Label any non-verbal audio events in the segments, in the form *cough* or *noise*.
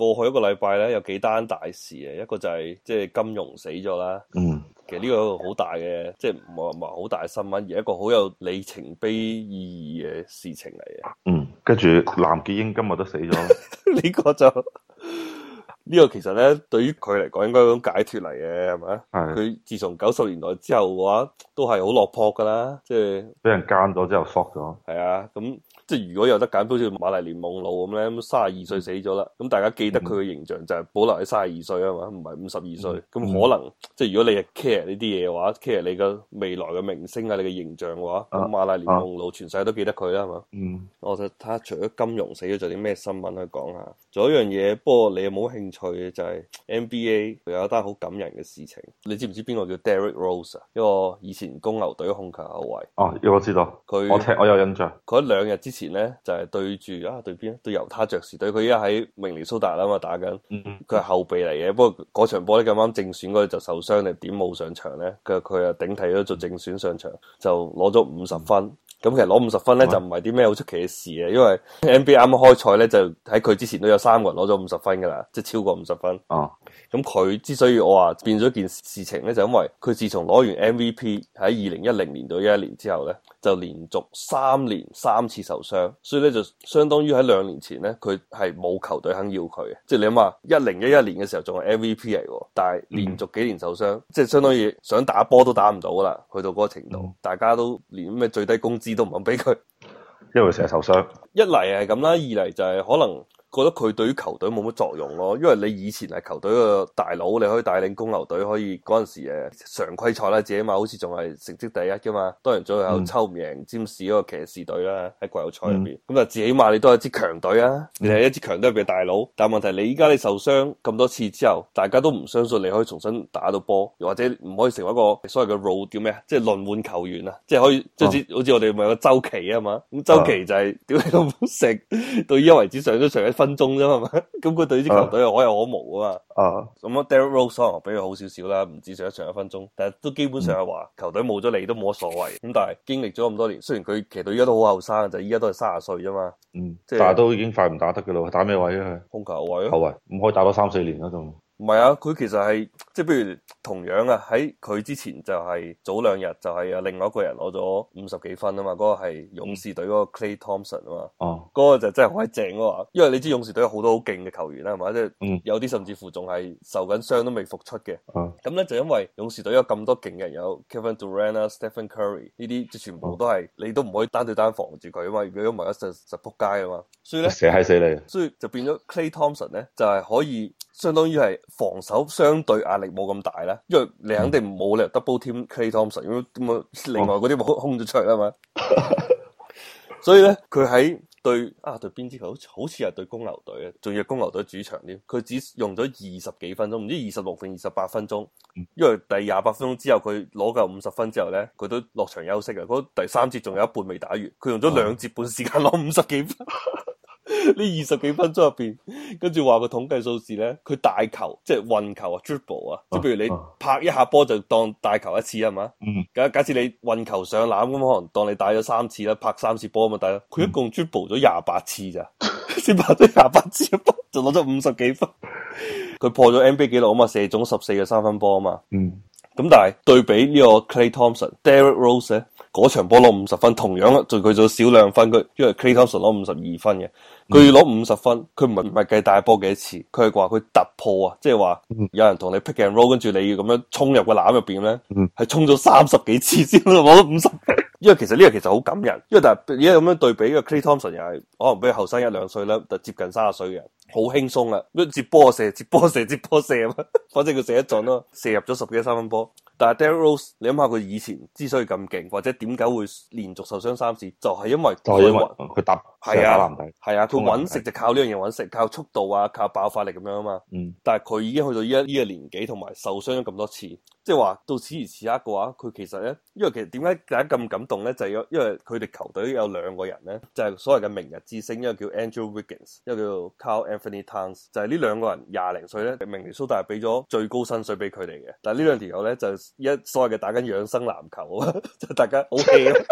過去一個禮拜咧，有幾單大事嘅，一個就係即係金庸死咗啦。嗯，其實呢個好大嘅，即係唔係話好大嘅新聞，而一個好有里程碑意義嘅事情嚟嘅。嗯，跟住藍潔瑛今日都死咗，呢個就呢個其實咧，對於佢嚟講，應該有種解脫嚟嘅，係咪？係。佢的自從九十年代之後嘅話，都係好落魄噶啦，即係俾人奸咗之後，fuck 咗。係啊，咁。即係如果有得揀，好似瑪麗蓮夢露咁咧，三十二歲死咗啦。咁、嗯、大家記得佢嘅形象就係保留喺三十二歲啊嘛，唔係五十二歲。咁、嗯、可能、嗯、即係如果你係 care 呢啲嘢嘅話，care 你嘅未來嘅明星啊，你嘅形象嘅話，咁瑪麗蓮夢露全世界都記得佢啦，係嘛？嗯，我就睇下除咗金融死咗，仲有啲咩新聞去講下？仲有一樣嘢，不過你又冇興趣嘅就係、是、NBA 佢有一單好感人嘅事情。你知唔知邊個叫 Derrick Rose 啊？一個以前公牛隊控球後衞。哦，我知道，佢他我，我有印象。佢兩日之前。前咧就係、是、對住啊對邊咧猶他爵士對佢依家喺明尼蘇達啦嘛打緊，佢係後備嚟嘅。不過嗰場波咧咁啱正選嗰陣就受傷你點冇上場咧。佢啊頂替咗做正選上場，就攞咗五十分。咁其實攞五十分咧就唔係啲咩好出奇嘅事啊，因為 NBA 啱開賽咧就喺佢之前都有三個人攞咗五十分噶啦，即係超過五十分。哦、啊，咁佢之所以我話變咗件事情咧，就因為佢自從攞完 MVP 喺二零一零年到一一年之後咧。就連續三年三次受傷，所以咧就相當於喺兩年前咧，佢係冇球隊肯要佢嘅。即係你諗下，一零一一年嘅時候仲係 MVP 嚟喎，但係連續幾年受傷，嗯、即係相當於想打波都打唔到啦。去到嗰個程度，嗯、大家都連咩最低工資都唔肯俾佢，因為佢成日受傷。一嚟係咁啦，二嚟就係可能，覺得佢對於球隊冇乜作用咯，因為你以前係球隊嘅大佬，你可以帶領公牛隊，可以嗰陣時誒常規賽啦，至起碼好似仲係成績第一噶嘛，多人賽後抽唔贏占士嗰個騎士隊啦，喺季後賽入邊，咁啊，嗯嗯、就至起碼你都係一支強隊啊，你係一支強隊入邊嘅大佬，但係問題你依家你受傷咁多次之後，大家都唔相信你可以重新打到波，又或者唔可以成為一個所謂嘅 role 叫咩啊，即係輪換球員啊，即、就、係、是、可以，即、就、似、是啊、好似我哋咪有個周期啊嘛，咁周期就係、是、屌你老母食，到依家為止上咗上一分鐘啫係嘛，咁佢對呢支球隊又可有可無啊嘛。啊，咁啊，Derrick Rose 比佢好少少啦，唔止上一場一分鐘，但係都基本上係話、嗯、球隊冇咗你都冇乜所謂。咁但係經歷咗咁多年，雖然佢其實到依家都好後生，就依家都係卅歲啫嘛。嗯，即係是，但係都已經快唔打得噶啦，打咩位,位啊？控球位咯，控位唔可以打多三四年啦仲。唔係啊，佢其實係即係，不如同樣啊，喺佢之前就係早兩日就係啊，另外一個人攞咗五十幾分啊嘛，嗰、那個係勇士隊嗰個 Klay Thompson 啊嘛，嗰、嗯、個就真係好鬼正啊嘛，因為你知勇士隊有好多好勁嘅球員啦，係嘛，即、就、係、是、有啲甚至乎仲係受緊傷都未復出嘅，咁咧、嗯嗯、就因為勇士隊有咁多勁嘅人，有 Kevin Durant 啊、uh, Stephen Curry 呢啲，即全部都係、uh, 你都唔可以單對單防住佢啊嘛，如果唔係一實就撲街啊嘛，所以咧死閪死你，所以就變咗 Klay Thompson 咧就係、是、可以。相當於係防守相對壓力冇咁大啦，因為你肯定冇你 double team Klay Thompson，咁另外嗰啲冇空咗出嚟啊嘛， *laughs* 所以咧佢喺對啊對邊支球好似係對公牛隊嘅，仲要公牛隊主場添。佢只用咗二十幾分鐘，唔知二十六分二十八分鐘，因為第廿八分鐘之後佢攞夠五十分之後咧，佢都落場休息啊，嗰第三節仲有一半未打完，佢用咗兩節半時間攞五十幾分。 *laughs* 呢 *laughs* 二十幾分鐘入邊，跟住話個統計數字咧，佢帶球即係運球啊，dribble 啊，ble，即係譬如你拍一下波就當帶球一次啊嘛。嗯，假假設你運球上籃咁，可能當你帶咗三次啦，拍三次波嘛，但係佢一共 dribble 咗廿八次咋，先、嗯、 *laughs* 拍咗廿八次波就攞咗五十幾分。佢 *laughs* 破咗 NBA 紀錄啊嘛，射中十四嘅三分波啊嘛。嗯，咁但係對比呢個 Clay Thompson、Derrick Rose 咧，嗰場波攞五十分，同樣仲佢咗少兩分，佢因為 Clay Thompson 攞五十二分嘅。佢要攞五十分，佢唔係唔係計大波幾多次，佢係話佢突破啊，即係話有人同你 pick and roll，跟住你要咁樣衝入個籃入邊咧，係衝咗三十幾次先攞到五十。因為其實呢個其實好感人，因為但係而家咁樣對比，個 Clay Thompson 又係可能比佢後生一兩歲咧，就接近三十歲嘅人，好輕鬆啊！接波射，接波射，接波射啊！反正佢射得準咯，射入咗十幾三分波。但係 Derrick Rose，你諗下佢以前之所以咁勁，或者點解會連續受傷三次，就係因為、就係因為，佢搭。係啊，係啊，佢揾的食就靠呢樣嘢揾食，靠速度啊，靠爆發力咁樣啊嘛。嗯。但係佢已經去到依一依個年紀，同埋受傷咗咁多次，即係話到此而此刻嘅話，佢其實咧，因為其實點解大家咁感動咧，就係、是、因為佢哋球隊有兩個人咧，就係、是、所謂嘅明日之星，一個叫 Andrew Wiggins，一個叫 Carl Anthony Towns，就係呢兩個人廿零歲咧，明尼蘇達俾咗最高薪水俾佢哋嘅。但係呢兩條友咧，就是、一所謂嘅打緊養生籃球啊， *laughs* 就大家 O K。好氣 *laughs*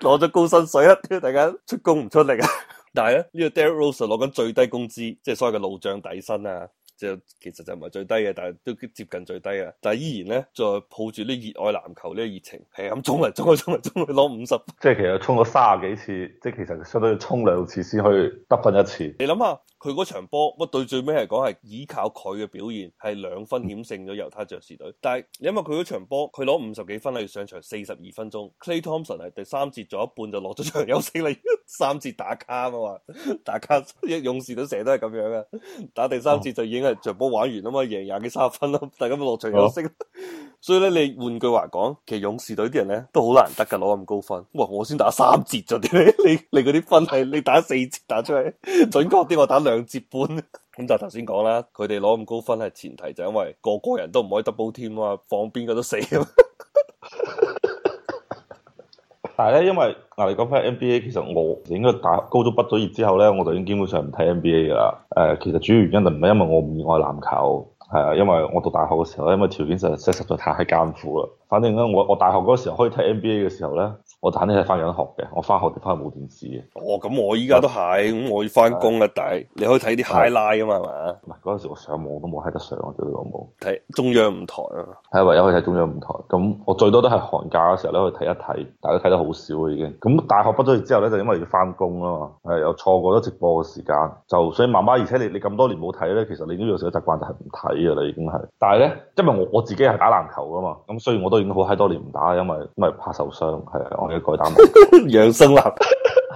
攞咗高薪水啊！跟大家出工唔出力啊！ *laughs* 但係咧呢、這個 Derrick Rose 攞緊最低工資，即、就、係、是、所謂嘅老將底薪啊！即係其實就唔係最低嘅，但係都接近最低啊！但係依然咧，再抱住啲熱愛籃球呢個熱情，係咁衝嚟衝去衝嚟衝去，攞五十。即係其實衝咗三十幾次，即係其實相當於衝兩次先可以得分一次。 *laughs* 你諗下。佢嗰場波，我對最尾嚟講係依靠佢嘅表現，係兩分險勝咗猶他爵士隊。但係因為佢嗰場波，佢攞五十幾分係要上場四十二分鐘，Clay Thompson 係第三節做一半就落咗場休息啦。三節打卡啊嘛，打卡，勇士隊成日都係咁樣嘅。打第三節就已經係着波玩完啊嘛，贏廿幾三十分咯，大家咪落場休息。好 *laughs* 所以咧，你換句話講，其實勇士隊啲人咧都好難得噶，攞咁高分。哇！我先打三節咋？點解？你你嗰啲分係你打四節打出嚟？準確啲，我打兩節半。咁就頭先講啦，佢哋攞咁高分係前提，就是、因為個個人都唔可以 double team 啊，放邊個都死。 *laughs* *laughs* 但係咧，因為嗱你講翻 NBA，其實我其實應該打高中畢咗業之後咧，我就已經基本上唔睇 NBA 噶啦。誒、呃，其實主要原因就唔係因為我唔熱愛籃球。係啊，因為我讀大學嘅時候，因為條件實在實在太艱苦啦。反正咧，我我大學嗰時候可以睇 NBA 嘅時候咧，我肯定係翻緊學嘅。我翻學就翻冇電視嘅。哦，咁我依家都係，咁、嗯、我要翻工啦。嗯、但係你可以睇啲 highlight 啊嘛，係咪？唔係嗰陣時我上網都冇睇得上啊，對老母睇中央五台啊，係唯有可以睇中央五台。咁我最多都係寒假嘅時候咧可以睇一睇，大家睇得好少已經。咁大學畢咗業之後咧，就因為要翻工嘛，係又錯過咗直播嘅時間，就所以慢慢，而且你你咁多年冇睇咧，其實你呢度成個習慣就係唔睇啊，你已經係。但係咧，因為我我自己係打籃球噶嘛，咁所以我都好閪多年唔打，因為因為怕受傷。係啊，我要改打養 *laughs* 生籃 *laughs* 打籃，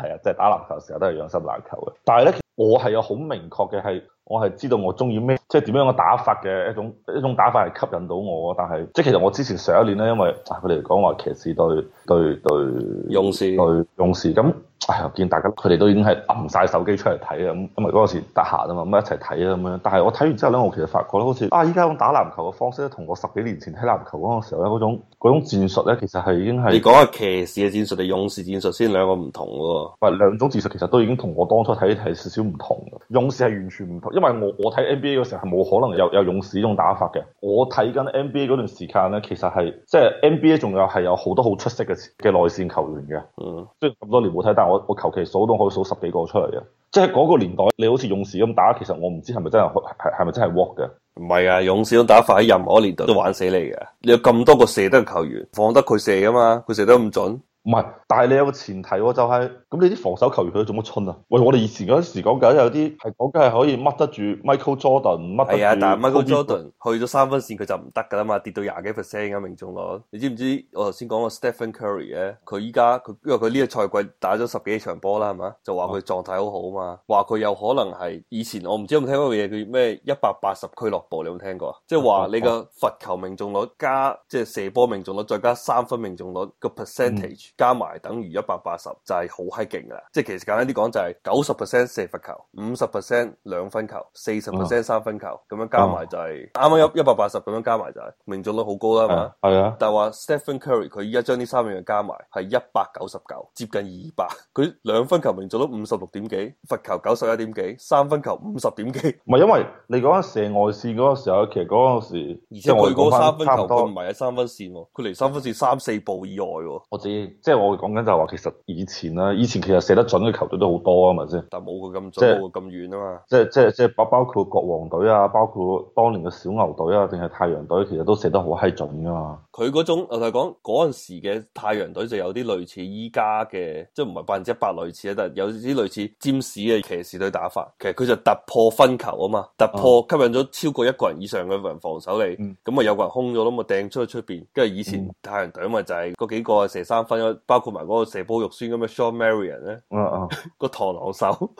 係啊，即係打籃球時候都係養生籃球嘅。但係咧，我係有好明確嘅係。我係知道我中意咩，即係點樣嘅打法嘅一種一種打法係吸引到我。但係即係其實我之前上一年咧，因為佢哋講話騎士對對對勇士事對勇士，咁哎呀我見大家佢哋都已經係揞晒手機出嚟睇啊，咁、嗯、因為嗰陣時得閒啊嘛，咁、嗯、一齊睇啊咁樣。但係我睇完之後咧，我其實發覺咧，好似啊依家咁打籃球嘅方式咧，同我十幾年前睇籃球嗰個時候咧，嗰種嗰種戰術咧，其實係已經係你講下騎士嘅戰術定勇士戰術先，兩個唔同喎，唔係兩種戰術其實都已經同我當初睇係少少唔同。勇士係完全唔同。因為我我睇 NBA 嘅時候係冇可能有有勇士呢種打法嘅。我睇緊 NBA 嗰段時間咧，其實係即係、就是、NBA 仲有係有好多好出色嘅嘅內線球員嘅。嗯，雖然咁多年冇睇，但係我我求其數都可以數十幾個出嚟嘅。即係嗰個年代，你好似勇士咁打，其實我唔知係咪真係係係咪真係 work 嘅？唔係啊，勇士咁打法喺任何一年代，都玩死你嘅。你有咁多個射得嘅球員，放得佢射噶嘛？佢射得咁準。唔係，但係你有個前提喎、哦，就係、是、咁你啲防守球員佢做乜春啊？喂，我哋以前嗰時講緊有啲係講緊係可以乜得住 Michael Jordan 乜住。係啊，但係 Michael Kobe Jordan 去咗三分線佢就唔得噶啦嘛，跌到廿幾 percent 嘅命中率。你知唔知我頭先講個 Stephen Curry 咧？佢依家佢因為佢呢個賽季打咗十幾場波啦，係嘛？就話佢狀態好好啊嘛，話佢有可能係以前我唔知有冇聽過個嘢叫咩一百八十俱樂部，你有冇聽過啊？即係話你個罰球命中率加即係射波命中率再加三分命中率個 percentage。嗯加埋等於一百八十就係好嗨勁噶啦，即係其實簡單啲講就係九十 percent 射罰球，五十 percent 兩分球，四十 percent 三分球，咁、嗯、樣加埋就係啱啱一一百八十咁樣加埋就係命中率好高啦，係啊，但係話 Stephen Curry 佢依家將呢三樣嘢加埋係一百九十九，9, 接近二百，佢兩分球命中率五十六點幾，罰球九十一點幾，三分球五十點幾，唔係因為你講下射外線嗰個時候，其實嗰陣時，而且佢嗰三分球佢唔係喺三分線喎，佢離三分線三四步以外喎，我知。即係我講緊就係話，其實以前啦、啊，以前其實射得準嘅球隊都好多啊，咪先。但冇佢咁準，冇佢咁遠啊嘛。即係即係即係包包括國王隊啊，包括當年嘅小牛隊啊，定係太陽隊，其實都射得好閪準㗎嘛、啊。佢嗰種我哋講嗰陣時嘅太陽隊就有啲類似依家嘅，即係唔係百分之一百類似啊？但係有啲類似占士嘅騎士隊打法。其實佢就突破分球啊嘛，突破吸引咗超過一個人以上嘅人防守你，咁啊、嗯嗯、有個人空咗，咁啊掟出去出邊，跟住以前太陽隊咪就係嗰幾個射三分。包括埋嗰個蛇煲肉酸咁嘅 Shawn Marion 嗯咧，個螳螂手。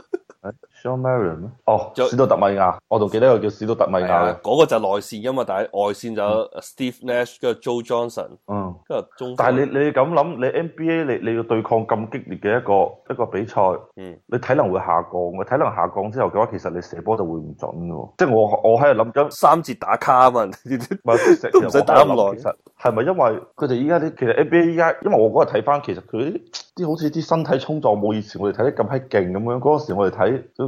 John Marion 咩、oh, 就？哦，史多特，特米亞，我仲記得個叫史多特，特米亞嘅，嗰、啊嗰個就內線噶嘛，但係外線就有 Steve Nash 跟住 Joe Johnson，嗯，跟住中。但係你你咁諗，你 NBA 你你要對抗咁激烈嘅一個一個比賽，嗯，你體能會下降，個體能下降之後嘅話，其實你射波就會唔準嘅，即係我我喺度諗緊三節打卡啊嘛， *laughs* 實都唔使打咁耐，係咪因為佢哋依家啲其實 NBA 依家，因為我嗰日睇翻，其實佢啲啲好似啲身體沖撞冇以前我哋睇得咁閪勁咁樣，嗰陣時我哋睇。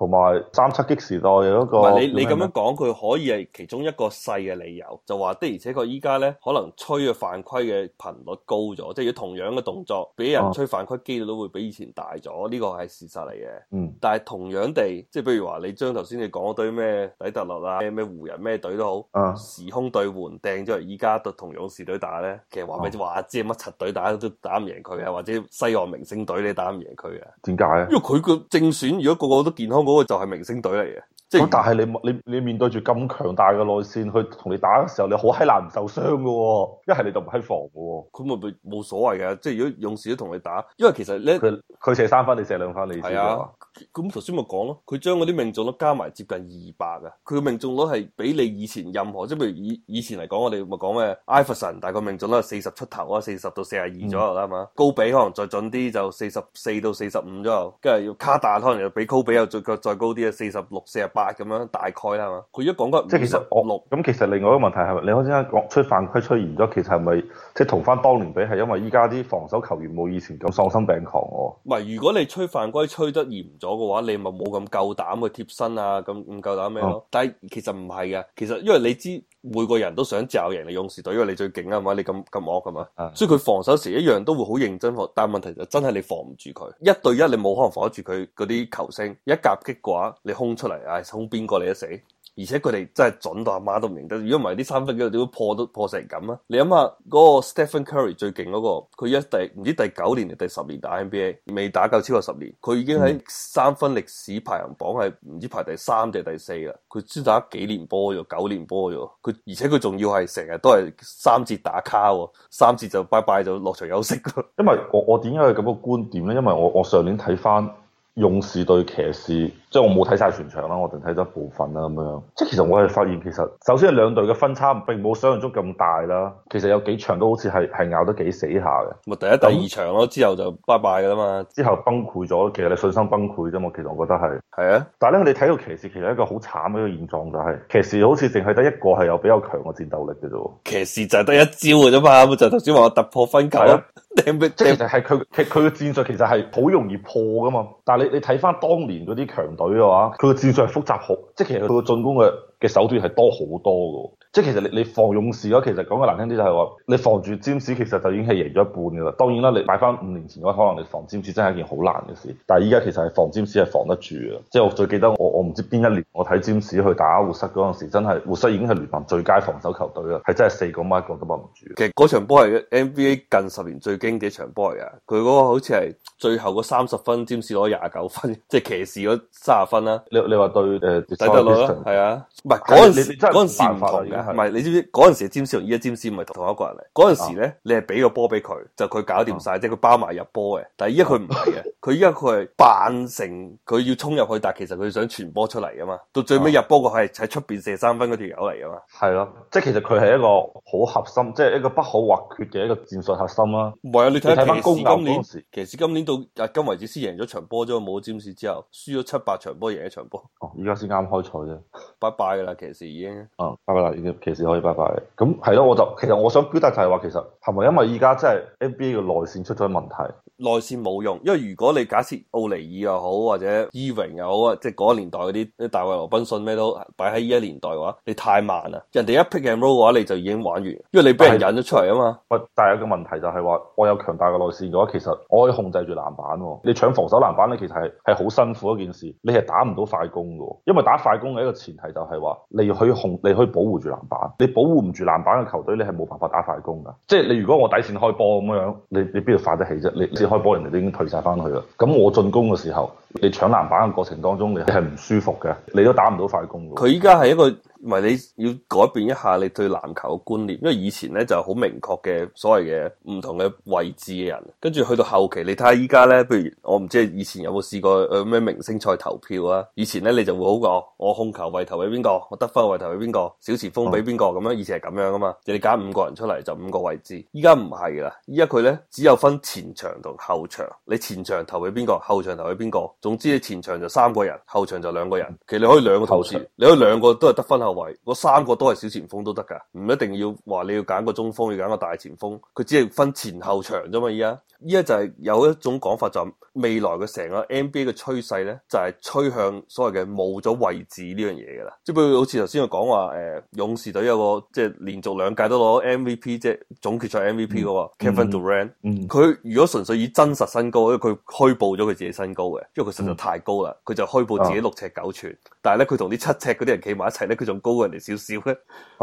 同埋三七激時代嗰個你，你你咁樣講，佢可以係其中一個細嘅理由，就話的而且確依家咧，可能吹嘅犯規嘅頻率高咗，即係如果同樣嘅動作俾人吹犯規機率都會比以前大咗，呢個係事實嚟嘅。嗯，但係同樣地，即係譬如話你將頭先你講嗰隊咩底特律啊，咩咩湖人咩隊都好，啊、時空對換掟咗嚟，依家同勇士隊打咧，其實話畀你知啊，乜七隊打都打唔贏佢啊，或者西岸明星隊你打唔贏佢嘅。點解咧？因為佢個正選如果個個都健康。嗰個就係明星隊嚟嘅。即但係你你你面對住咁強大嘅內線，去同你打嘅時候，你好閪難受傷嘅喎。一係你、哦、就唔閪防嘅喎。咁咪冇所謂嘅，即係如果勇士都同你打，因為其實你佢佢射三分，你射兩分，你知啦。咁頭先咪講咯，佢將嗰啲命中率加埋接近二百嘅。佢命中率係比你以前任何即係譬如以以前嚟講，我哋咪講咩艾佛森，on, 大概命中率四十出頭啊，四十到四十二左右啦，嘛、嗯？高比可能再準啲就四十四到四十五左右，跟住要卡達可能又比高比又再再高啲啊，四十六四十八。咁樣大概啦嘛，佢一講嗰五十六，咁其，其實另外一個問題係咪，你頭先講吹犯規吹嚴咗，其實係咪即係同翻當年比，係因為依家啲防守球員冇以前咁喪心病狂喎？唔係，如果你吹犯規吹得嚴咗嘅話，你咪冇咁夠膽去貼身啊，咁唔夠膽咩咯？嗯、但係其實唔係嘅，其實因為你知。每個人都想罩贏你勇士隊，因為你最勁啊嘛？你咁咁惡噶嘛？Uh huh. 所以佢防守時一樣都會好認真，但問題就真係你防唔住佢，一對一你冇可能防得住佢嗰啲球星，一夾擊嘅話，你空出嚟，唉，空邊個你都死。而且佢哋真係準到阿媽都唔認得，如果唔係啲三分球點會破都破成咁啊？你諗下嗰個 Stephen Curry 最勁嗰、嗰個，佢一第唔知第九年，年，年、定第十年打 NBA，未打夠超過十年，佢已經喺三分歷史排行榜係唔知排第三定第四啦。佢先打幾年波咋？九年波咋？佢而且佢仲要係成日都係三節打卡，三節就拜拜就落場休息咯。因為我我點解有咁個觀點咧？因為我我上年睇翻勇士對騎士。即係我冇睇晒全場啦，我淨係睇咗部分啦咁樣。即係其實我係發現，其實首先係兩隊嘅分差並冇想象中咁大啦。其實有幾場都好似係係咬得幾死下嘅。咪第一、第二場咯，那之後就拜拜㗎啦嘛。之後崩潰咗，其實你信心崩潰啫嘛。其實我覺得係係啊。但係咧，我哋睇到騎士其實一個好慘嘅一個現狀就係、是，騎士好似淨係得一個係有比較強嘅戰鬥力嘅啫喎。騎士就係得一招嘅啫嘛，就頭先話我突破分球。即係佢佢嘅戰術其實係好容易破㗎嘛。但係你你睇翻當年嗰啲強隊嘅話，佢個戰術係複雜嘅，即係其實佢個進攻嘅嘅手段係多好多嘅，即係其實你你防勇士嗰其實講句難聽啲就係話，你防住占士其實就已經係贏咗一半噶啦。當然啦，你買翻五年前嘅話可能你防占士真係一件好難嘅事，但係依家其實係防占士係防得住嘅。即係我最記得我我唔知邊一年我睇占士去打活塞嗰陣時，真係活塞已經係聯盟最佳防守球隊啦，係真係四個孖角都搏唔住。其實嗰場波係 NBA 近十年最經典場波嚟嘅，佢嗰個好似係最後嗰三十分，占士攞廿九分，即係騎士嗰三十分啦、啊。你你話對誒？睇得落咯、uh, P iston, 係啊。嗰陣時，嗰陣時唔同嘅。唔係你知唔知？嗰陣時詹士同依家詹士唔係同一個人嚟。嗰陣時咧，啊、你係俾個波俾佢，就佢搞掂晒，即係佢包埋入波嘅。但係依家佢唔係嘅，佢依家佢係扮成佢要衝入去，但係其實佢想傳波出嚟啊嘛。到最尾入波佢係喺出邊射三分嗰條友嚟啊嘛。係咯，即係其實佢係一個好核心，即係一個不可或缺嘅一個戰術核心啦、啊。唔係啊，你睇翻公牛嗰陣時，其實今年到今為止先贏咗場波，啫，冇詹士之後，輸咗七八場波，贏一場波。哦，而家先啱開賽啫。拜拜、啊。其實已經，嗯，拜拜啦，已經其實可以拜拜。咁係咯，我就其實我想表達就係話，其實係咪因為依家真係 NBA 嘅內線出咗問題？內線冇用，因為如果你假設奧尼爾又好或者伊榮又好啊，即係嗰個年代嗰啲大衛羅賓遜咩都擺喺依個年代嘅話，你太慢啦。人哋一 pick and roll 嘅話，你就已經玩完，因為你俾人引咗出嚟啊嘛。唔，但係一個問題就係話，我有強大嘅內線嘅話，其實我可以控制住籃板，哦。你搶防守籃板咧，其實係係好辛苦一件事。你係打唔到快攻嘅，因為打快攻嘅一個前提就係，是，話。你去控，你可以保護住籃板。你保護唔住籃板嘅球隊，你係冇辦法打快攻㗎。即係你如果我底線開波咁樣，你你邊度快得起啫？你你，你開波人哋都已經退晒翻去啦。咁我進攻嘅時候。你搶籃板嘅過程當中，你係唔舒服嘅，你都打唔到快攻。佢依家係一個，唔係你要改變一下你對籃球嘅觀念，因為以前咧就好、是、明確嘅所謂嘅唔同嘅位置嘅人。跟住去到後期，你睇下依家咧，譬如我唔知以前有冇試過誒咩、呃、明星賽投票啊？以前咧你就會好過我控球位投俾邊個，我得分位投俾邊個，小前鋒俾邊個咁樣。以前係咁樣啊嘛，你揀五個人出嚟就五個位置。依家唔係啦，依家佢咧只有分前場同後場，你前場投俾邊個，後場投俾邊個。總之你前場就三個人，後場就兩個人，其實你可以兩個投射，場你可以兩個都係得分後衛，嗰三個都係小前鋒都得噶，唔一定要話你要揀個中鋒，要揀個大前鋒，佢只係分前後場啫嘛。依家依家就係有一種講法就是、未來嘅成個 NBA 嘅趨勢咧，就係、是、趨向所謂嘅冇咗位置呢樣嘢噶啦，即係比如好似頭先我講話，誒，勇士隊有個即係、就是、連續兩屆都攞 MVP 即係總決賽 MVP 嘅個，Kevin Durant，佢、嗯嗯嗯、如果純粹以真實身高，因為佢虛報咗佢自己身高嘅，因為實在太高啦，佢就虛報自己六尺九寸，啊、但係咧佢同啲七尺嗰啲人企埋一齊咧，佢仲高過人哋少少咧，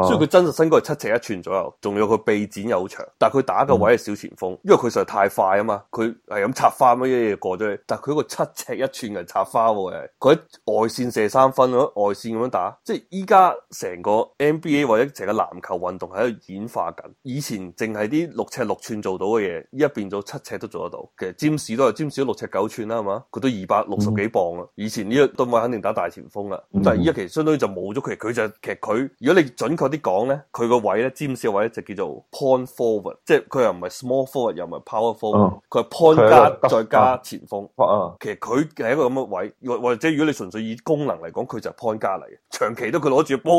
所以佢真實身高係七尺一寸左右，仲有佢臂展又好長，但係佢打嘅位係小前鋒，啊、因為佢實在太快啊嘛，佢係咁插花乜嘢嘢過咗去，但係佢一個七尺一寸人插花嘅，佢喺外綫射三分外綫咁樣打，即係依家成個 NBA 或者成個籃球運動係喺度演化緊，以前淨係啲六尺六寸做到嘅嘢，依家變咗七尺都做得到，其實佔士都係佔士都六尺九寸啦，係嘛，佢都二百。六十幾磅啦，以前呢個盾位肯定打大前鋒啦，但係依家其實相當於就冇咗佢，佢就其實佢，如果你準確啲講咧，佢個位咧，尖少位就叫做 point forward，即係佢又唔係 small forward 又唔係 p o w e r f o r w a r d 佢係 point 加、那個、再加前鋒，uh, uh, 其實佢係一個咁嘅位，或者如果你純粹以功能嚟講，佢就 point 加嚟，嘅。長期都佢攞住 ball。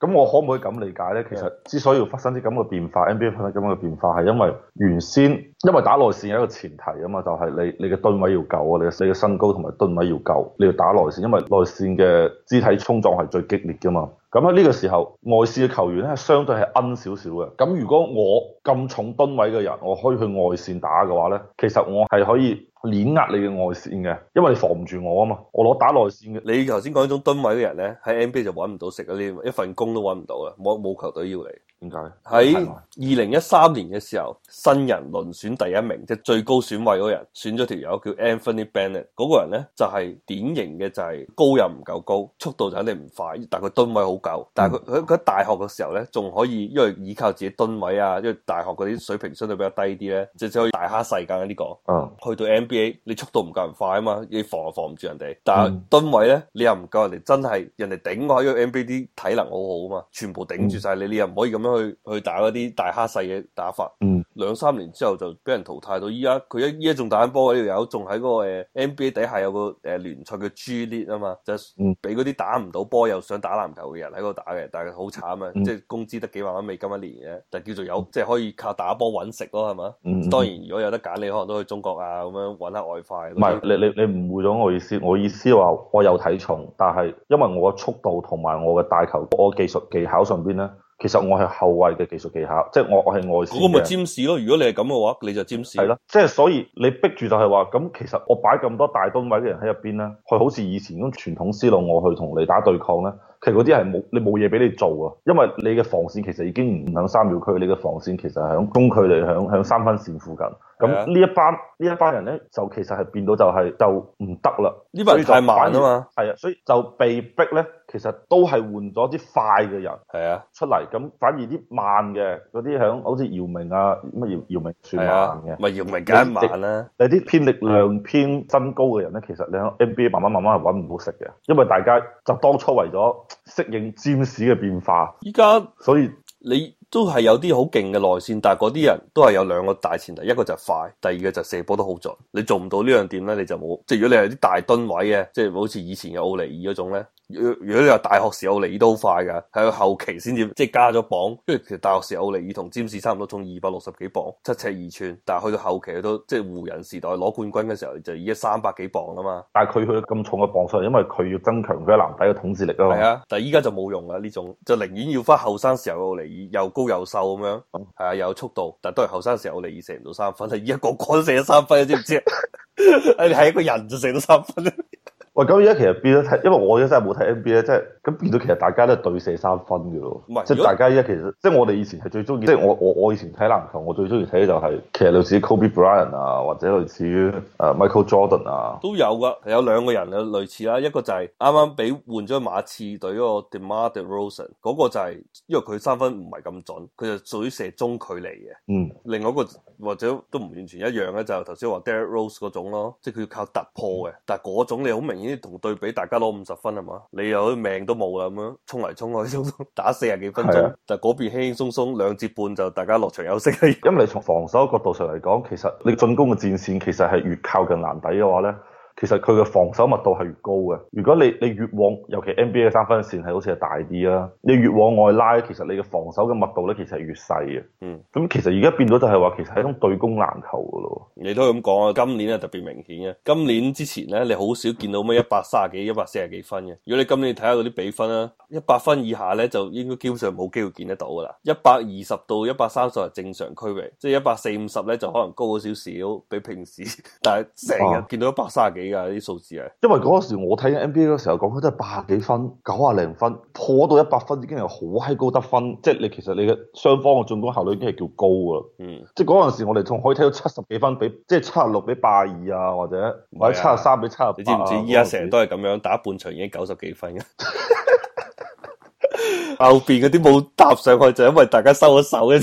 咁我可唔可以咁理解咧？ *laughs* 其實之所以發生啲咁嘅變化，NBA 發生咁嘅變化，係 *laughs* 因為原先。因為打內線有一個前提啊嘛，就係、是、你你嘅噸位要夠啊，你的你嘅身高同埋噸位要夠，你要打內線，因為內線嘅肢體衝撞係最激烈㗎嘛。咁喺呢個時候，外線嘅球員呢，相對係奀少少嘅。咁如果我咁重噸位嘅人，我可以去外線打嘅話呢，其實我係可以，碾壓你嘅外線嘅，因為你防唔住我啊嘛！我攞打內線嘅。你頭先講嗰種噸位嘅人咧，喺 NBA 就搵唔到食啊！你一份工都搵唔到啊！冇冇球隊要你。點解？喺二零一三年嘅時候，新人輪選第一名，即係最高選位嗰人，選咗條友叫 Anthony Bennett。嗰個人咧就係典型嘅，就係高又唔夠高，速度就肯定唔快，但係佢噸位好夠。但係佢佢喺大學嘅時候咧，仲可以因為依靠自己噸位啊，因為大學嗰啲水平相對比較低啲咧，就只可以大蝦世界呢個嗯，去到 N。你速度唔夠人快啊嘛，你防防唔住人哋，但係噸位咧你又唔夠人哋，真係人哋頂我喺個 NBA 啲體能好好啊嘛，全部頂住晒你，你又唔可以咁樣去去打嗰啲大蝦細嘅打法。嗯，兩三年之後就俾人淘汰到依家，佢依家仲打緊波，有仲喺嗰個、呃、NBA 底下有個誒、呃、聯賽嘅 G League 啊嘛，就俾嗰啲打唔到波又想打籃球嘅人喺嗰度打嘅，但係好慘啊，嗯、即係工資得幾萬蚊美金一年嘅，但係叫做有即係可以靠打波揾食咯，係嘛？嗯、當然如果有得揀，你可能都可去中國啊咁樣。揾下外快，唔係是你你你誤會咗我意思。我意思話，我有體重，但係因為我嘅速度同埋我嘅大球，我技術技巧上邊咧，其實我係後衞嘅技術技巧，即係我我係外線。咁咪占士咯？如果你係咁嘅話，你就占士。係啦，即係所以你逼住就係話，咁其實我擺咁多大噸位嘅人喺入邊咧，佢好似以前咁傳統思路，我去同你打對抗咧，其實嗰啲係冇你冇嘢俾你做啊，因為你嘅防線其實已經唔響三秒區，你嘅防線其實係響中距離，響響三分線附近。咁呢一班呢一班人咧，就其實係變到就係、係、就唔得啦。呢班人太慢啊嘛，係啊，所以就被逼咧，其實都係換咗啲快嘅人係啊出嚟。咁是的 反而啲慢嘅嗰啲，響好似姚明啊，乜姚姚明算慢嘅？唔咪姚明梗係慢啦。你啲偏力量、偏身高嘅人咧，其實你響 NBA 慢慢慢慢係揾唔到食嘅，因為大家就當初為咗適應占士嘅變化，依家在所以你。都係有啲好勁嘅內線，但係嗰啲人都係有兩個大前提，一個就係快，第二個就射波都好準。你做唔到呢樣點咧，你就冇。即係如果你係啲大噸位嘅，即係好似以前嘅奧尼爾嗰種咧。如果你話大學時候奧尼爾都快嘅，喺佢後期先至即係加咗磅。跟住其實大學時候奧尼爾同詹士差唔多，重二百六十幾磅，七尺二寸。但係去到後期都即係湖人時代攞冠軍嘅時候就已經三百幾磅啦嘛。但係佢去咁重嘅磅數，因為佢要增強佢個籃底嘅統治力啊嘛。係啊，但係依家就冇用啦，呢種就寧願要翻後生時候奧尼爾又高又瘦咁樣，係啊又有速度。但都係後生時候奧尼爾射唔到三分，就依家個個都射咗三分，知唔知？你係一個人就射到三分。喂，咁而家其實變咗睇，因為我而家真係冇睇 NBA，即係咁變到其實大家都係對射三分嘅咯，唔係，即係果大家而家其實，即係我哋以前係最中意，即係我我我以前睇籃球，我最中意睇就係、是、其實類似 Kobe Bryant 啊，或者類似於、uh, Michael Jordan 啊，都有㗎，有兩個人嘅類似啦，一個就係啱啱俾換咗馬刺隊個 DeMar DeRozan，嗰個就係、是、因為佢三分唔係咁準，佢就屬於射中距離嘅，嗯，另外一個或者都唔完全一樣嘅，就頭、是、先話 Derrick Rose 嗰種咯，即係佢要靠突破嘅，但係嗰種你好明。同對比，大家攞五十分係嘛？你有啲命都冇啦咁樣，衝嚟衝去，打四十幾分鐘，但係嗰邊輕輕鬆鬆兩節半就大家落場休息。 *laughs* 因為你從防守角度上嚟講，其實你進攻嘅戰線其實係越靠近籃底嘅話咧。其實佢嘅防守密度係越高嘅。如果你你越往，尤其 NBA 三分線係好似係大啲啦。你越往外拉，其實你嘅防守嘅密度咧、嗯，其實係越細嘅。嗯。咁其實而家變咗就係話，其實係一種對攻籃球噶咯。你都係咁講啊！今年係特別明顯嘅。今年之前咧，你好少見到咩一百三十幾、一百四十幾分嘅。如果你今年睇下嗰啲比分啊，一百分以下咧，就應該基本上冇機會見得到噶啦。一百二十到一百三十係正常區域，即係一百四五十咧就可能高咗少少，比平時。但係成日見到一百三十幾。嘅啲數字啊，因為嗰陣時我睇 NBA 嗰時候講佢都係八十幾分、九廿零分，破到一百分已經係好閪高得分，即係你其實你嘅雙方嘅進攻效率已經係叫高㗎喇。嗯，即係嗰陣時我哋仲可以睇到七十幾分比，即係七十六比八二啊，或者或者七十三比七十，啊，你知唔知依家成日都係咁樣打半場已經九十幾分嘅？ *laughs* *laughs* 後邊嗰啲冇搭上去就因為大家收咗手，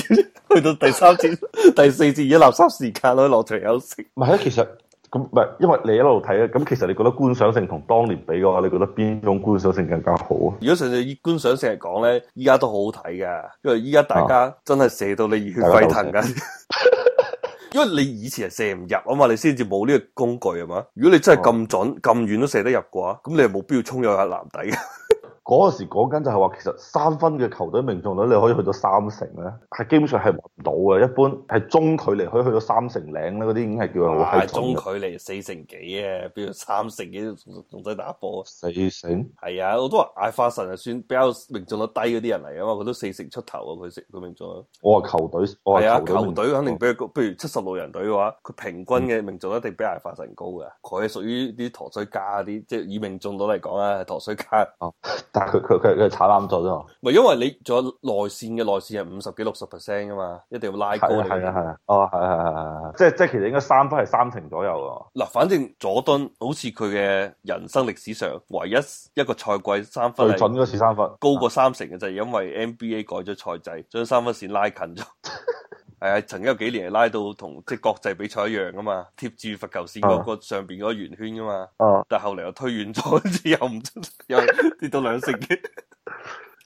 去到第三節， *laughs* 第四節而家垃圾時間咯，落場休息。唔係啊，其實。咁唔係，因為你一路睇咧，咁其實你覺得觀賞性同當年比嘅話，你覺得邊種觀賞性更加好啊？如果純粹以觀賞性嚟講咧，依家都好好睇嘅，因為依家大家真係射到你熱血沸騰緊， *laughs* 因為你以前係射唔入啊嘛，你先至冇呢個工具係嘛。如果你真係咁準咁、哦、遠都射得入嘅話，咁你係冇必要衝入去籃底。嗰陣時講緊就係話，其實三分嘅球隊命中率你可以去到三成咧，係基本上係揾唔到嘅。一般係中距離可以去到三成零咧，嗰啲已經係叫人好犀利。中距離四成幾啊？比如三成幾仲使打波？四成係啊！我都話艾發神就算比較命中率低嗰啲人嚟啊嘛，佢都四成出頭啊！佢識個命中率。我話球隊，我話球隊，啊，球隊肯定比佢高。譬如七十六人隊嘅話，佢平均嘅命中率一定比艾發神高嘅。佢係屬於啲陀衰家啲，即係以命中率嚟講水啊，陀衰家。佢佢佢佢炒籃座啫嘛，唔係。因為你仲有內線嘅，內線係五十幾六十 percent 噶嘛，一定要拉高。係啊係啊，哦係係係係，即係即係其實應該三分係三成左右啊。嗱，反正佐敦好似佢嘅人生歷史上唯一一個賽季三分三最準嗰次三分高過三成嘅，就係因為 NBA 改咗賽制，將三分線拉近咗。曾經有幾年拉到同即係國際比賽一樣噶嘛，貼住罰球線嗰個上面嗰個圓圈噶嘛，uh huh. 但係後嚟又推遠咗， *laughs* 又唔出，又跌到兩成 *laughs*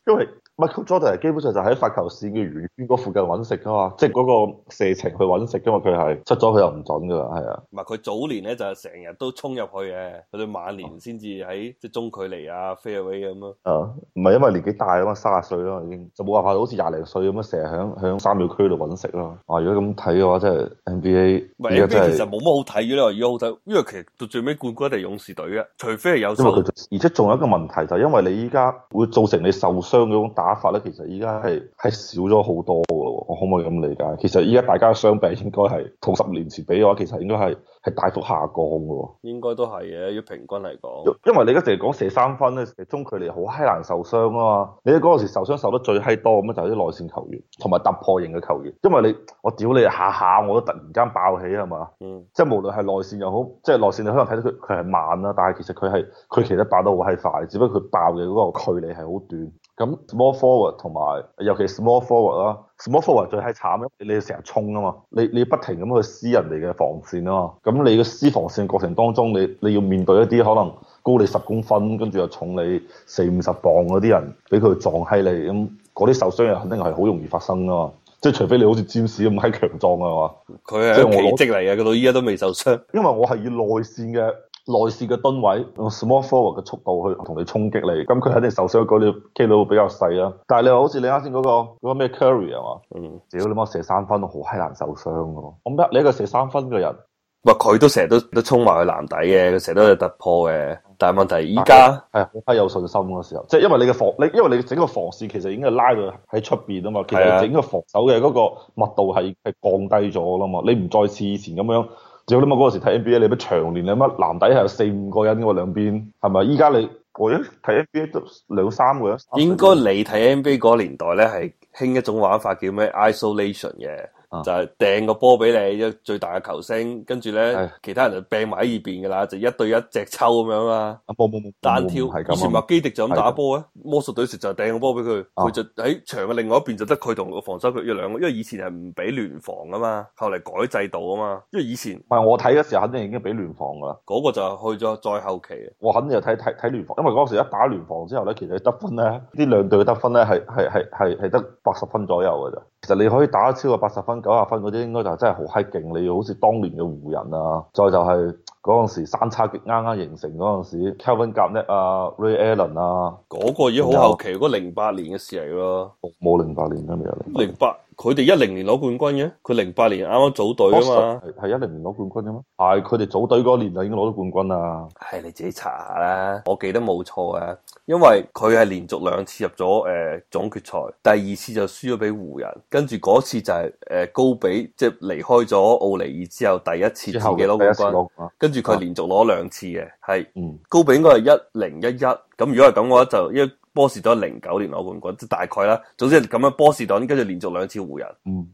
因為。m Jordan 基本上就喺發球線嘅圓圈嗰附近揾食噶嘛，即係嗰個射程去揾食噶嘛，佢係出咗佢又唔準噶啦，係啊。唔係佢早年咧就成日都衝入去嘅，佢哋晚年先至喺即係中距離啊 fairway 咁咯。啊，唔係、啊、因為年紀大啊嘛，卅歲咯已經，就冇辦法好似廿零歲咁啊，成日響響三秒區度揾食咯。啊，如果咁睇嘅話，即 BA，真係 NBA，NBA 其實冇乜好睇嘅咧，如果好睇，因為其實到最尾冠軍一定勇士隊啊，除非係有。而且仲有一個問題就係、因為你依家會造成你受傷嗰種打法咧，其實依家係係少咗好多嘅。我可唔可以咁理解？其實依家大家傷病，應該係同十年前比嘅話，其實應該係係大幅下降嘅喎。應該都係嘅，要平均嚟講。因為你而家淨係講射三分咧，中距離好閪難受傷啊嘛。你喺嗰時受傷受得最閪多咁嘅就係啲內線球員同埋突破型嘅球員，因為你我屌你一下一下我都突然間爆起啊嘛。嗯。即係無論係內線又好，即係內線你可能睇到佢佢係慢啦，但係其實佢係佢其實爆得好閪快，只不過佢爆嘅嗰個距離係好短。咁 small forward 同埋，尤其 small forward 啦，small forward 最係慘，你你成日衝啊嘛，你你不停咁去撕人哋嘅防線啊嘛，咁你嘅撕防線嘅過程當中，你你要面對一啲可能高你十公分，跟住又重你四五十磅嗰啲人，俾佢撞喺你，咁嗰啲受傷人肯定係好容易發生啊嘛，即係除非你好似詹士咁閪強壯啊嘛，佢即係奇蹟嚟嘅，佢到依家都未受傷，因為我係以內線嘅。內線嘅噸位，用 small forward 嘅速度去同你衝擊你，咁佢肯定受傷嗰啲 key 會比較細啦。但係你話好似你啱先嗰個個咩 curry 啊嘛，嗯，屌你媽射三分好閪難受傷噶，我得、嗯、你一個射三分嘅人，唔佢都成日都都衝埋去籃底嘅，佢成日都有突破嘅。但係問題依家係好閪有信心嗰時候，即係因為你嘅防，你因為你整個防線其實已經係拉到喺出邊啊嘛，其實你整個防守嘅嗰個密度係係降低咗啦嘛，的你唔再似以前咁樣。有啦嘛，嗰時睇 NBA 你咪長年你乜男仔係有四五個人嘅喎，兩邊係咪？依家你我一睇 NBA 都兩三個啦。應該你睇 NBA 嗰個年代咧，係興一種玩法叫咩 Isolation 嘅。Is 就係掟個波俾你，一最大嘅球星，跟住咧其他人就掟埋喺二邊噶啦，就是，一對一隻抽咁不但 樣啦。啊波波單挑，以前麥基迪就咁打波嘅，是的 魔術隊時就掟個波俾佢，佢就喺場嘅另外一邊就得佢同防守佢約兩個，因為以前係唔俾聯防噶嘛，後嚟改制度啊嘛。因為以前唔係我睇嘅時候，肯定已經俾聯防噶啦。嗰個就係去咗再後期。我肯定又睇睇睇聯防，因為嗰時一打聯防之後咧，其實得分咧，呢兩隊嘅得分咧係係係係係得八十分左右噶咋。其實你可以打超過八十分、九十分嗰啲，應該就真係好閪勁。你好似當年嘅湖人啊，再就係嗰陣時三叉戟啱啱形成嗰陣時，Kevin Garnett 啊、Ray Allen 啊，嗰個已經好後期，嗰零八年嘅事嚟咯，冇零八年啦，未有零八。佢哋一零年攞冠軍嘅，佢零八年啱啱組隊啊嘛，係一零年攞冠軍嘅嘛？係，佢哋組隊嗰年就已經攞到冠軍啦、哎。係你自己查下啦，我記得冇錯嘅、啊，因為佢係連續兩次入咗誒、呃、總決賽，第二次就輸咗俾湖人，跟住嗰次就係、是、誒、呃、高比即係、就是、離開咗奧尼爾之後第一次自己攞冠軍，跟住佢連續攞兩次嘅，係，嗯、高比應該係一零一一，咁如果係咁嘅話就一。波士頓零九年攞冠軍，即係大概啦。總之咁樣，波士頓跟住連續兩次湖人，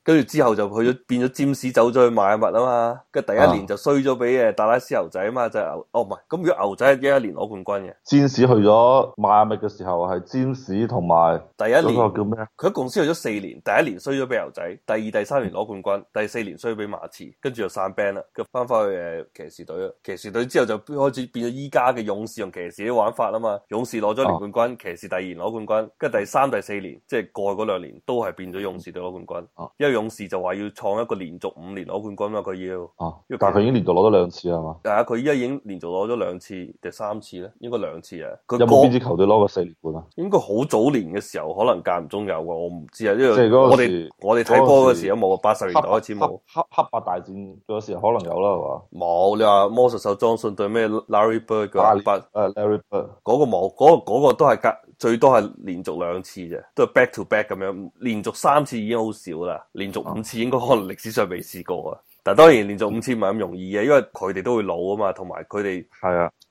跟住、嗯、之後就去咗變咗占士走咗去買物啊嘛。跟第一年就衰咗俾誒達拉斯牛仔啊嘛，就是、牛哦唔係。咁如果牛仔係一一年攞冠軍嘅占士去咗買物嘅時候係占士同埋第一年叫咩？佢一共消去咗四年，第一年衰咗俾牛仔，第二、第三年攞冠軍，第四年衰俾馬刺，跟住就散兵啦，跟翻返去誒騎士隊啦。騎士隊之後就開始變咗依家嘅勇士同騎士啲玩法啊嘛。勇士攞咗年冠軍，騎士、嗯。第二年攞冠軍，跟住第三、第四年，即係過去嗰兩年都係變咗勇士隊攞冠軍，因為勇士就話要創一個連續五年攞冠軍嘛，佢要，因為但係佢已經連續攞咗兩次係嘛？係啊，佢依家已經連續攞咗兩次，第三次咧應該兩次啊。有冇邊支球隊攞過四年冠啊？應該好早年嘅時候，可能間唔中有喎，我唔知啊。因為我哋我哋睇波嗰時都冇，八十年代開始冇。黑黑白大戰嗰時可能有啦，係嘛？冇，你話魔術手莊信對咩 Larry Bird，Larry Bird，Larry Bird，嗰個冇，嗰個嗰個都係隔。最多係連續兩次啫，都係 back to back 咁樣。連續三次已經好少啦，連續五次應該可能歷史上未試過啊。但係當然連續五次唔係咁容易嘅，因為佢哋都會老啊嘛，同埋佢哋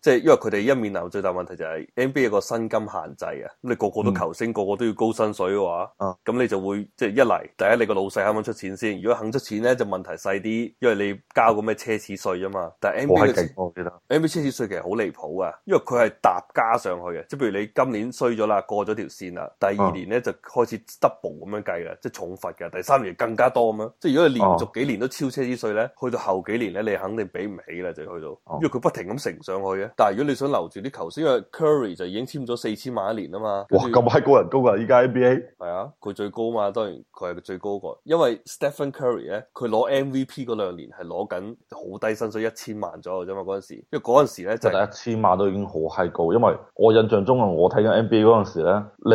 即係因為佢哋一面臨最大問題就係 NBA 有一個薪金限制啊！咁你個個都球星，嗯、個個都要高薪水嘅話，咁、啊、你就會即係、就是、一嚟第一你個老細肯唔肯出錢先？如果肯出錢咧，就問題細啲，因為你交過咩奢侈稅啊嘛。但係 NBA 嘅 NBA 奢侈稅其實好離譜啊，因為佢係疊加上去嘅，即係譬如你今年衰咗啦，過咗條線啦，第二年咧、啊、就開始 double 咁樣計嘅，即係重罰嘅。第三年更加多咁樣，即係如果你連續幾年都超奢侈稅咧，去到後幾年咧，你肯定俾唔起啦，就去到，因為佢不停咁乘上去嘅。但係，如果你想留住啲球星，因為 Curry 就已經簽咗四千萬一年啊嘛。哇，咁閪高人工啊！依家 NBA 係啊，佢最高嘛，當然佢係最高個，因為 Stephen Curry 咧，佢攞 MVP 嗰兩年係攞緊好低薪水，一千萬左右㗎啫嘛。嗰陣時，因為嗰陣時咧就一千萬都已經好閪高，因為我印象中啊，我睇緊 NBA 嗰陣時咧，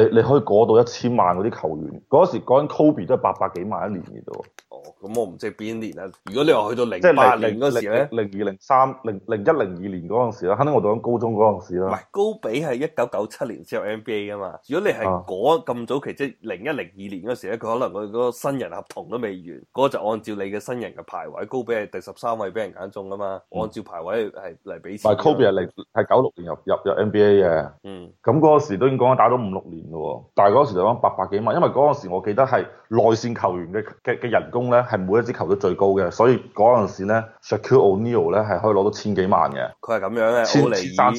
你你可以過到一千萬嗰啲球員，陣時講緊 Kobe 都係八百幾萬一年嘅啫喎。哦，咁我唔知邊年啦。如果你話去到零八年嗰時咧，零二零三零零一零二年嗰陣時咧。我讀緊高中嗰陣時啦，唔係高比係一九九七年先入 NBA 噶嘛。如果你係嗰咁早期，即係零一零二年嗰時咧，佢可能佢嗰個新人合同都未完，嗰、嗰個、就按照你嘅新人嘅排位，高比係第十三位俾人揀中噶嘛。按照排位係嚟俾錢。嗯，但係高比係嚟係九六年入入入 NBA 嘅，嗯，咁嗰時都已經講緊打咗五六年咯，但係嗰時就講八百幾萬，因為嗰陣時我記得係。內線球員嘅嘅嘅人工咧係每一支球都最高嘅，所以嗰陣時咧，Shaquille O’Neal 咧係可以攞到千幾萬嘅。佢係咁樣咧，千幾尼萬，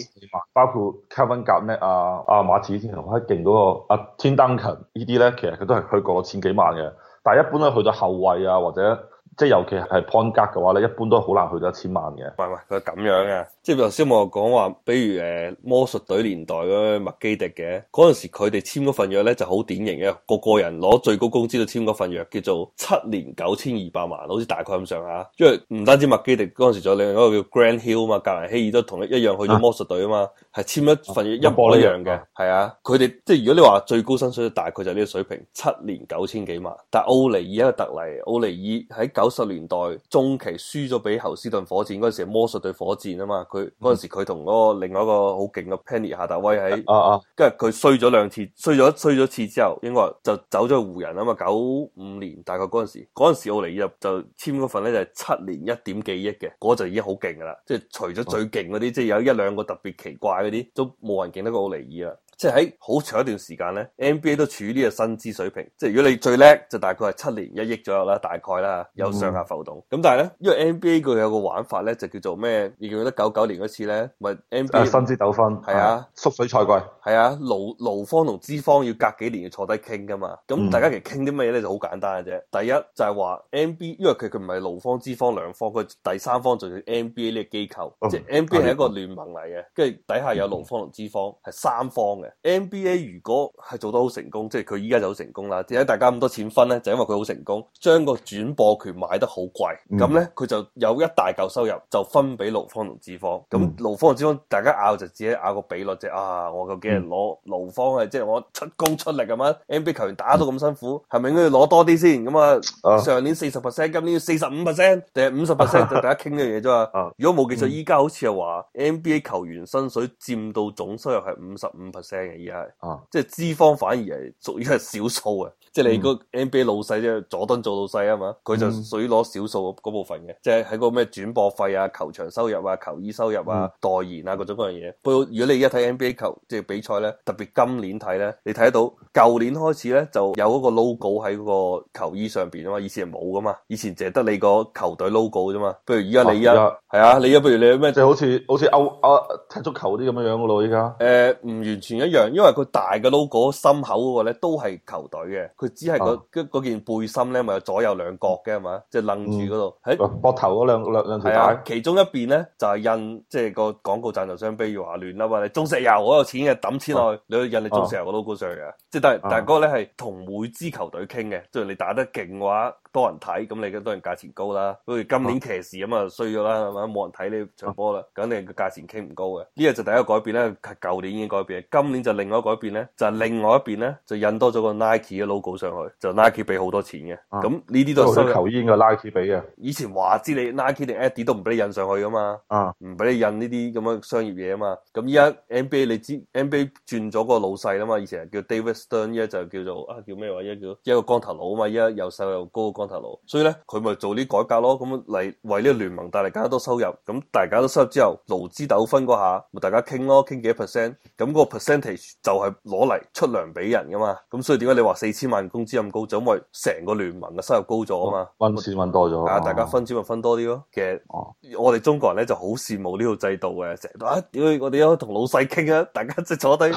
包括 Kevin Garnett 啊、阿、啊啊、馬刺之前好勁嗰個阿 Tim Duncan 呢啲咧其實佢都係去過千幾萬嘅，但係一般咧去到後衞啊或者，即係尤其係 point guard 嘅話咧，一般都好難去到一千萬嘅。唔係唔係，佢係咁樣嘅。即係頭先我講話，比如誒魔術隊年代嘅麥基迪嘅嗰陣時，佢哋簽嗰份約咧就好典型嘅，個個人攞最高工資都簽嗰份約，叫做七年九千二百萬，好似大概咁上下。因為唔單止麥基迪嗰陣時，仲有另一個叫 Grant Hill 啊嘛，格蘭希爾都同一一樣去咗魔術隊啊嘛，係、啊、簽一份約一模一樣嘅。係啊，佢哋、啊啊、即係如果你話最高薪水，大概就呢個水平，七年九千幾萬。但係奧尼爾一個特例，奧尼爾喺九九十年代中期輸咗俾侯斯頓火箭嗰陣時，係魔術對火箭啊嘛，佢嗰陣時佢同嗰個另外一個好勁嘅 Penny 夏達威喺，跟住佢衰咗兩次，衰咗衰咗一次之後，應該就走咗去湖人啊嘛，九五年大概嗰陣時，嗰陣時奧尼爾入就簽嗰份咧就係、是、七年一點幾億嘅，嗰陣已經好勁噶啦，即係除咗最勁嗰啲，mm hmm. 即係有一兩個特別奇怪嗰啲，都冇人勁得過奧尼爾。即係喺好長一段時間咧，NBA 都處於呢個薪資水平。即係如果你最叻，就大概係七年一億左右啦，大概啦，有上下浮動。咁、嗯、但係咧，因為 NBA 佢有個玩法咧，就叫做咩？你記得九九年嗰次咧，咪 NBA 薪資糾紛係啊，縮水賽季係啊，勞勞、啊、方同資方要隔幾年要坐低傾㗎嘛。咁大家其實傾啲咩嘢咧就好簡單嘅啫。第一就係、是、話 NBA，因為佢佢唔係勞方、資方兩方，佢第三方就係 NBA 呢個機構，嗯、即係 NBA 係一個聯盟嚟嘅，跟住、嗯嗯、底下有勞方同資方係三方嘅。NBA 如果係做得好成功，即係佢依家就好成功啦。點解大家咁多錢分咧？就因為佢好成功，將個轉播權買得好貴。咁咧、嗯，佢就有一大嚿收入，就分俾勞方同資方。咁勞方同資方大家拗就自己拗個比率啫。啊，我究竟係攞勞方係即係我出工出力係嗎？NBA 球員打到咁辛苦，係咪、嗯、應該要攞多啲先？咁啊，上年四十 percent，今年要四十五 percent 定係五十 percent？就大家傾呢樣嘢啫嘛。啊啊、如果冇記錯，依家好似係話 NBA 球員薪水佔到總收入係五十五 percent。啊、而係，即係資方反而係屬於係少數啊。即係你個 NBA 老細即係佐敦做老細啊嘛，佢就屬於攞少數嗰部分嘅，嗯、即係喺個咩轉播費啊、球場收入啊、球衣收入啊、嗯、代言啊嗰種嗰樣嘢。不過如果你而家睇 NBA 球即係比賽咧，特別今年睇咧，你睇得到舊年開始咧就有嗰個 logo 喺嗰個球衣上邊啊嘛，以前係冇噶嘛，以前淨係得你個球隊 logo 啫嘛。不如而家你而家係啊，你一，不如你咩，就好似好似歐啊踢足球啲咁樣樣噶咯，而家誒唔完全。一樣，因為佢大嘅 logo 心口嗰個咧都係球隊嘅，佢只係嗰、啊、件背心咧，咪有左右兩角嘅係嘛，即係楞住嗰度喺膊頭嗰兩兩兩條帶、啊，其中一邊咧就係、是、印即係個廣告贊助商，比如話聯啦，或者中石油，好有錢嘅抌錢落去，啊、你去印你中石油嘅 logo 上去嘅，啊、即係但係、啊、但係嗰個咧係同每支球隊傾嘅，即係你打得勁嘅話，多人睇咁你嘅多人價錢高啦。好似今年騎士咁啊衰咗啦，係嘛，冇人睇呢場波啦，肯定個價錢傾唔高嘅。呢、這個就第一個改變咧，舊年已經改變，今年就另外一個改變咧，就係、是、另外一邊咧就印、是、多咗個 Nike 嘅 logo 上去，就 Nike 俾好多錢嘅。咁呢啲都係球衣啊 Nike 俾啊。啊啊以前話知你 Nike 定 Adidas 都唔俾你、啊、你印上去噶嘛，唔俾你印呢啲咁嘅商業嘢啊嘛。咁依家 NBA 你知 NBA 轉咗個老細啦嘛，以前叫 David Stern，依家就叫做啊叫咩話依家叫一個光頭佬嘛，依家又瘦又高。所以咧，佢咪做啲改革咯，咁嚟為呢個聯盟帶嚟更加多收入，咁大家都收入之後，勞資糾紛嗰下，咪大家傾咯，傾幾多 percent，咁嗰個 percentage 就係攞嚟出糧俾人噶嘛，咁所以點解你話四千萬工資咁高，就因為成個聯盟嘅收入高咗啊嘛，揾錢揾多咗，啊大家分錢咪、啊、分,分多啲咯，其實我哋中國人咧就好羨慕呢套制度嘅，成日都話屌我哋一同老細傾啊，大家即係坐低， *laughs*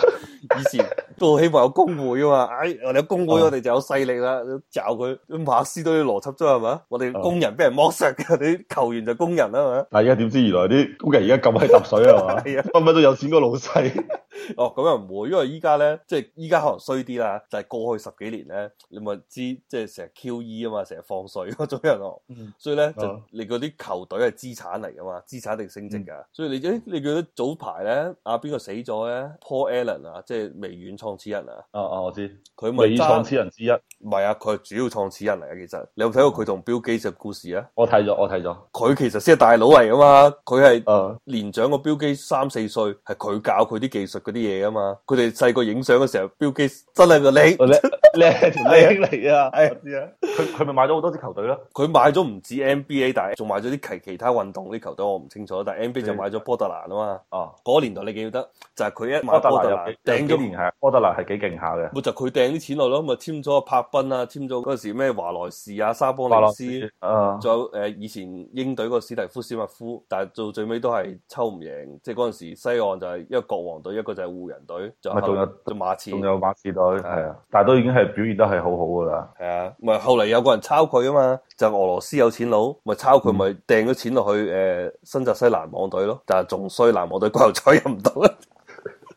以前都希望有工會啊嘛，哎我哋有工會我哋就有勢力啦，抓佢馬克思都。啲邏輯啫係嘛，我哋工人俾人剝削嘅，啲球員就工人啦嘛。但係而家點知，原來啲工人而家咁係揼水 *laughs* 是啊嘛？乜乜都有錢嗰老細。 *laughs* 哦，咁又唔會，因為依家咧，即係依家可能衰啲啦。就係過去十幾年咧，你咪知，即係成日 QE 啊嘛，成日放水，嗰種人喎。所以咧，嗯、就你嗰啲球隊係資產嚟噶嘛，資產定升值噶。嗯、所以你誒，你覺得早排咧，阿邊個死咗咧？Paul Allen 啊，即係微軟創始人啊。啊啊，我知，佢微軟創始人之一，唔係啊，佢係主要創始人嚟嘅其實。你有睇過佢同彪基隻故事啊？我睇咗，我睇咗。佢其實先係大佬嚟噶嘛，佢係誒年長過彪基三四歲，係佢教佢啲技術嗰啲嘢啊嘛。佢哋細個影相嘅時候，彪基真係個靚靚條靚嚟啊！我知啊。佢佢咪買咗好多支球隊咯？佢買咗唔止 NBA 但係，仲買咗啲其其他運動啲球隊，我唔清楚。但係 NBA 就買咗波特蘭啊嘛。的哦，嗰年代你記得就係佢一買波特蘭，頂咗幾年係？波特蘭係幾勁下嘅，咪就佢掟啲錢落咯，咪簽咗柏賓啊，簽咗嗰陣時咩華萊士。係啊，沙波利斯，仲、啊、有誒、呃、以前英隊個史蒂夫史密夫，但係到最尾都係抽唔贏，即係嗰陣時西岸就係一個國王隊，一個就係湖人隊，咪仲有，有，有馬刺，仲有馬刺隊係啊，但係都已經係表現得係好好噶啦，係啊，咪後嚟有個人抄佢啊嘛，就俄羅斯有錢佬，咪抄佢咪掟咗錢落去誒、嗯呃、新澤西籃網隊咯，但係仲衰籃網隊最後再入唔到，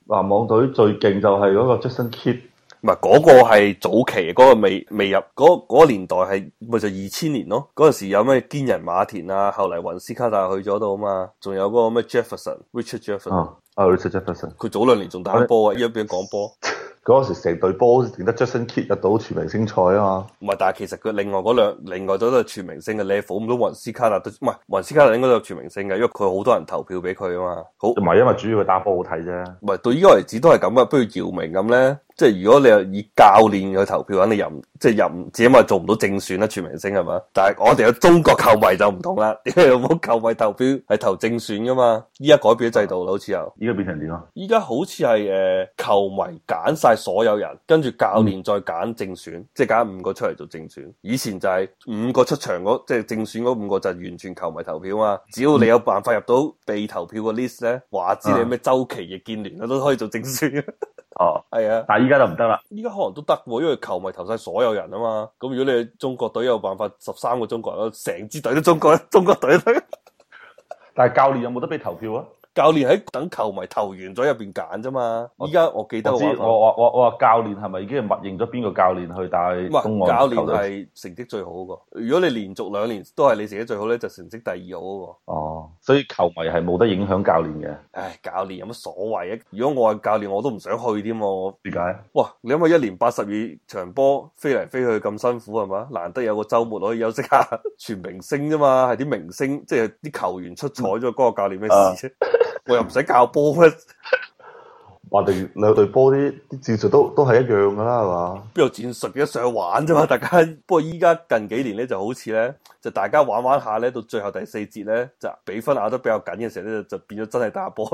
籃網隊最勁就係嗰個 Jason Kidd。唔係嗰個係早期，嗰個未未入嗰嗰個年代係咪就二千年咯？嗰陣時有咩堅人馬田啊，後嚟雲斯卡特去咗度啊嘛，仲有嗰個咩傑弗遜，Richard Jefferson，哦，啊，Richard Jefferson，佢早兩年仲打波啊，一邊講波，嗰陣時成隊波，連得 Jason Kidd 入到全明星賽啊嘛。唔係，但係其實佢另外嗰兩另外，另外都都係全明星嘅，你火唔到雲斯卡特都唔係雲斯卡特應該有全明星嘅，因為佢好多人投票俾佢啊嘛。好，唔係因為主要佢打波好睇啫。唔係對呢個嚟講都係咁啊，不如姚明咁咧。即係如果你又以教練去投票，肯定任即係唔，自己咪做唔到正選啦？全明星係嘛？但係我哋有中國球迷就唔同啦。因為冇球迷投票係投正選噶嘛，依家改變咗制度啦，好似又依家變成點啊？依家好似係誒，球迷揀晒所有人，跟住教練再揀正、嗯、選，即係揀五個出嚟做正選。以前就係五個出場嗰即係正選嗰五個就完全球迷投票啊嘛。只要你有辦法入到被投票嘅 list 咧、嗯，話知你咩周琦易建聯，佢都可以做正選。 *laughs* 哦，係啊的，但係依家就唔得啦，依家可能都得，因為球迷投晒所有人啊嘛，咁如果你中國隊有辦法十三個中國人，成支隊都中國，中國隊， *laughs* 但係教練有冇得俾投票啊？教練喺等球迷投完咗入邊揀啫嘛，依家我記得我我我我話，教練係咪已經默認咗邊個教練去帶中外球隊？唔係，教練係成績最好嗰個。如果你連續兩年都係你成績最好咧，就成績第二好嗰個。哦，所以球迷係冇得影響教練嘅。唉，教練有乜所謂啊？如果我話教練，我都唔想去添喎。點解？哇，你諗下一年八十二場波飛嚟飛去咁辛苦係嘛？難得有個周末可以休息下，全明星啫嘛，係啲明星即係啲球員出彩咗，嗰 *laughs* 個教練咩事啫？ *laughs* 我又唔使教波。 *laughs* 話對兩隊波啲啲戰術都都係一樣噶啦，係嘛？邊有戰術嘅，上去玩啫嘛，大家。不過依家近幾年咧，就好似咧，就大家玩玩下咧，到最後第四節咧，就比分咬得比較緊嘅時候咧，就就變咗真係打波。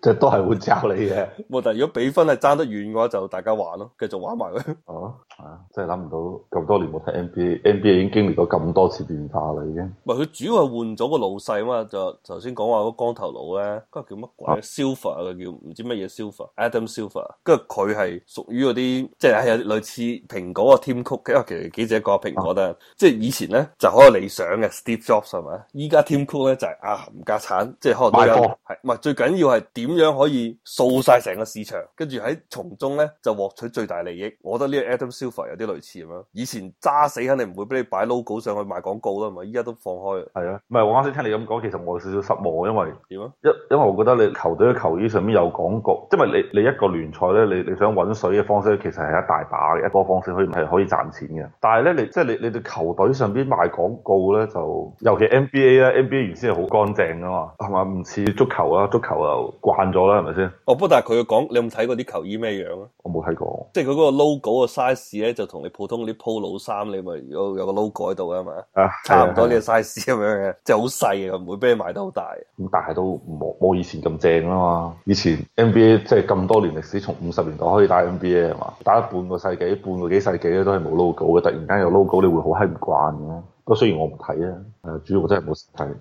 即係 *laughs* 都係會教你嘅。唔係，如果比分係爭得遠嘅話，就大家玩咯，繼續玩埋佢。哦，啊，真係諗唔到咁多年冇睇 NBA，NBA 已經經歷過咁多次變化啦，已經。唔係，佢主要係換咗個老細啊嘛。就頭先講話嗰個光頭佬咧，嗰、那個叫乜鬼？Silver *silence* 嘅、啊、 *silence* 叫，唔知乜嘢 Silver。Atom Silver，跟住佢係屬於嗰啲，即係有類似蘋果嘅 Tim Cook，因為其實記者講蘋果嘅，啊、即係以前咧就好有理想嘅 Steve Jobs 係咪？依家 Tim Cook 咧就係、是、冚家鏟，即係可能大家。係過，唔係，最緊要係點樣可以掃晒成個市場，跟住喺從中咧就獲取最大利益。我覺得呢個 Adam Silver 有啲類似咁樣。以前揸死肯定唔會俾你擺 logo 上去賣廣告啦，嘛，咪？依家都放開。係啊，唔係，我啱先聽你咁講，其實我有少少失望，因為點啊？因因為我覺得你球隊嘅球衣上面有廣告，即係你你一個聯賽咧，你你想搵水嘅方式其實係一大把嘅，一個方式可以係可以賺錢嘅。但係咧，你即係你你哋球隊上邊賣廣告咧，就尤其 NBA 啦，NBA 原先係好乾淨噶嘛，係嘛？唔似足球啦、啊，足球就慣咗啦，係咪先？哦，不過但係佢講，你有冇睇過啲球衣咩樣啊？我冇睇過，即係佢嗰個 logo 嘅 size 咧，就同你普通啲 polo 衫，你咪有有個 logo 喺度啊嘛，啊，啊啊啊差唔多啲 size 咁樣嘅，即係好細嘅，唔會俾你賣得好大。咁但係都冇冇以前咁正啦嘛，以前 NBA 即、嗯即係咁多年歷史，從五十年代開始打 NBA 係嘛？打咗半個世紀，半個幾世紀咧，都係冇 logo 嘅。突然間有 logo，你會好閪唔慣嘅。不過雖然我唔睇啊，主要我真係冇時間睇。